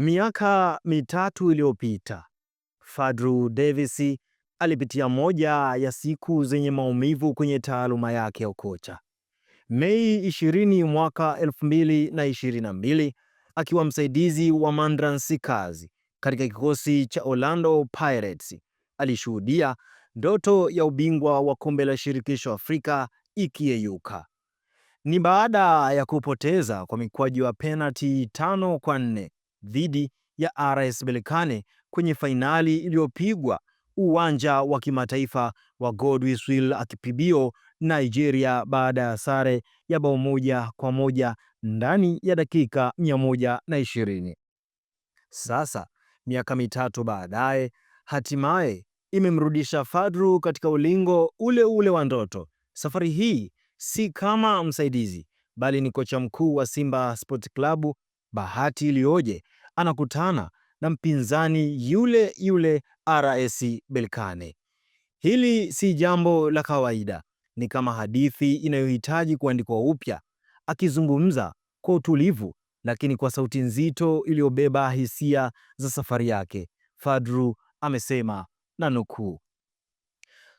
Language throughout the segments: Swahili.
Miaka mitatu iliyopita, Fadru Davis alipitia moja ya siku zenye maumivu kwenye taaluma yake ya ukocha. Mei 20 mwaka 2022, akiwa msaidizi wa Mandran Kazi katika kikosi cha Orlando Pirates, alishuhudia ndoto ya ubingwa wa kombe la shirikisho Afrika ikiyeyuka. Ni baada ya kupoteza kwa mikwaju ya penalti tano kwa nne dhidi ya RS Berkane kwenye fainali iliyopigwa uwanja wa kimataifa wa Godswill Akpabio, Nigeria, baada ya sare ya bao moja kwa moja ndani ya dakika 120. Sasa miaka mitatu baadaye, hatimaye imemrudisha Fadru katika ulingo ule ule wa ndoto. Safari hii si kama msaidizi, bali ni kocha mkuu wa Simba Sport Club Bahati iliyoje, anakutana na mpinzani yule yule RS Berkane. Hili si jambo la kawaida, ni kama hadithi inayohitaji kuandikwa upya. Akizungumza kwa utulivu lakini kwa sauti nzito iliyobeba hisia za safari yake, Fadru amesema na nukuu,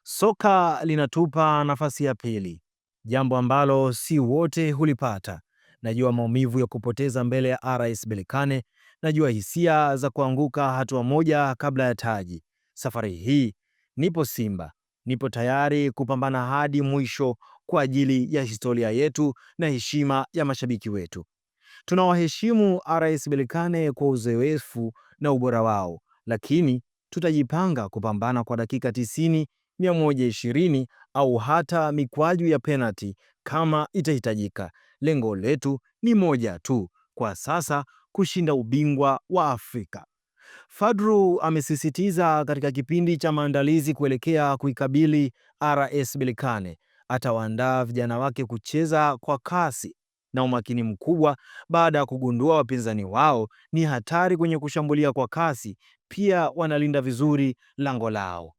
soka linatupa nafasi ya pili, jambo ambalo si wote hulipata najua maumivu ya kupoteza mbele ya RS Berkane, najua hisia za kuanguka hatua moja kabla ya taji. Safari hii nipo Simba, nipo tayari kupambana hadi mwisho kwa ajili ya historia yetu na heshima ya mashabiki wetu. Tunawaheshimu RS Berkane kwa uzoefu na ubora wao, lakini tutajipanga kupambana kwa dakika 90, 120 au hata mikwaju ya penalti kama itahitajika. Lengo letu ni moja tu kwa sasa, kushinda ubingwa wa Afrika. Fadru amesisitiza katika kipindi cha maandalizi kuelekea kuikabili RS Berkane, atawaandaa vijana wake kucheza kwa kasi na umakini mkubwa baada ya kugundua wapinzani wao ni hatari kwenye kushambulia kwa kasi, pia wanalinda vizuri lango lao.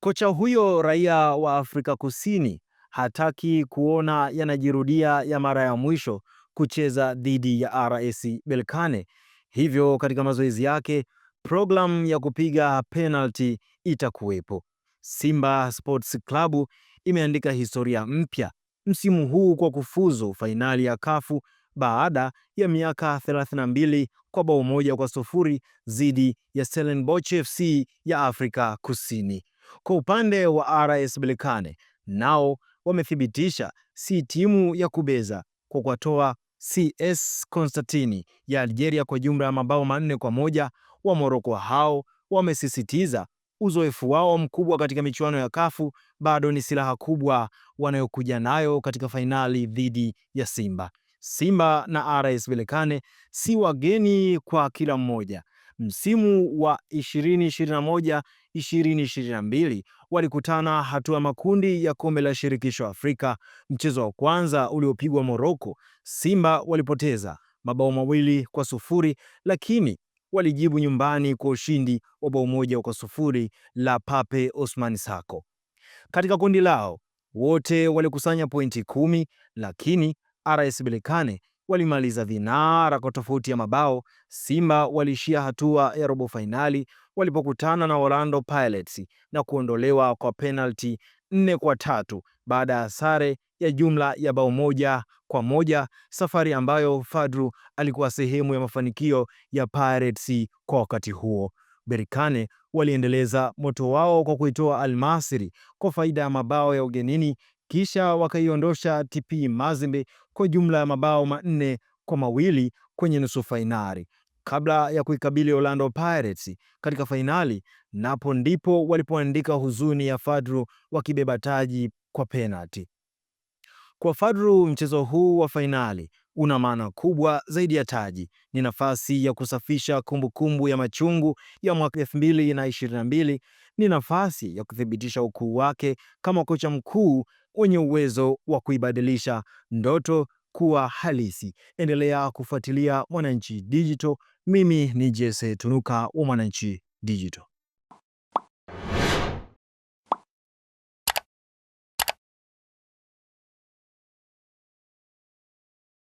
Kocha huyo raia wa Afrika Kusini hataki kuona yanajirudia ya mara ya mwisho kucheza dhidi ya RS belkane Hivyo katika mazoezi yake programu ya kupiga penalti itakuwepo. Simba Sports Club imeandika historia mpya msimu huu kwa kufuzu fainali ya kafu baada ya miaka 32 kwa bao moja kwa sufuri dhidi ya Stellenbosch FC ya Afrika Kusini. Kwa upande wa RS belkane nao wamethibitisha si timu ya kubeza kwa kuwatoa CS Constantine ya Algeria kwa jumla ya mabao manne kwa moja. Wa Moroko hao wamesisitiza uzoefu wao mkubwa katika michuano ya Kafu bado ni silaha kubwa wanayokuja nayo katika fainali dhidi ya Simba. Simba na RS Berkane si wageni kwa kila mmoja. Msimu wa 2022 walikutana hatua makundi ya kombe la shirikisho Afrika. Mchezo wa kwanza uliopigwa Morocco, Simba walipoteza mabao mawili kwa sufuri lakini walijibu nyumbani kwa ushindi wa bao moja kwa sufuri la Pape Osman Sako. Katika kundi lao wote walikusanya pointi kumi lakini RS Berkane walimaliza vinara kwa tofauti ya mabao. Simba waliishia hatua ya robo fainali walipokutana na Orlando Pirates na kuondolewa kwa penalti nne kwa tatu baada ya sare ya jumla ya bao moja kwa moja, safari ambayo fadru alikuwa sehemu ya mafanikio ya Pirates kwa wakati huo. berikane waliendeleza moto wao kwa kuitoa almasiri kwa faida ya mabao ya ugenini, kisha wakaiondosha TP Mazembe kwa jumla ya mabao manne kwa mawili kwenye nusu fainali kabla ya kuikabili Orlando Pirates katika fainali, napo ndipo walipoandika huzuni ya fadru wakibeba taji kwa penalti. Kwa fadru mchezo huu wa fainali una maana kubwa zaidi ya taji. Ni nafasi ya kusafisha kumbukumbu kumbu ya machungu ya mwaka 2022. Ni nafasi ya kuthibitisha ukuu wake kama kocha mkuu wenye uwezo wa kuibadilisha ndoto kuwa halisi. Endelea kufuatilia Mwananchi Digital. Mimi ni Jesse Tunuka wa Mwananchi Digital.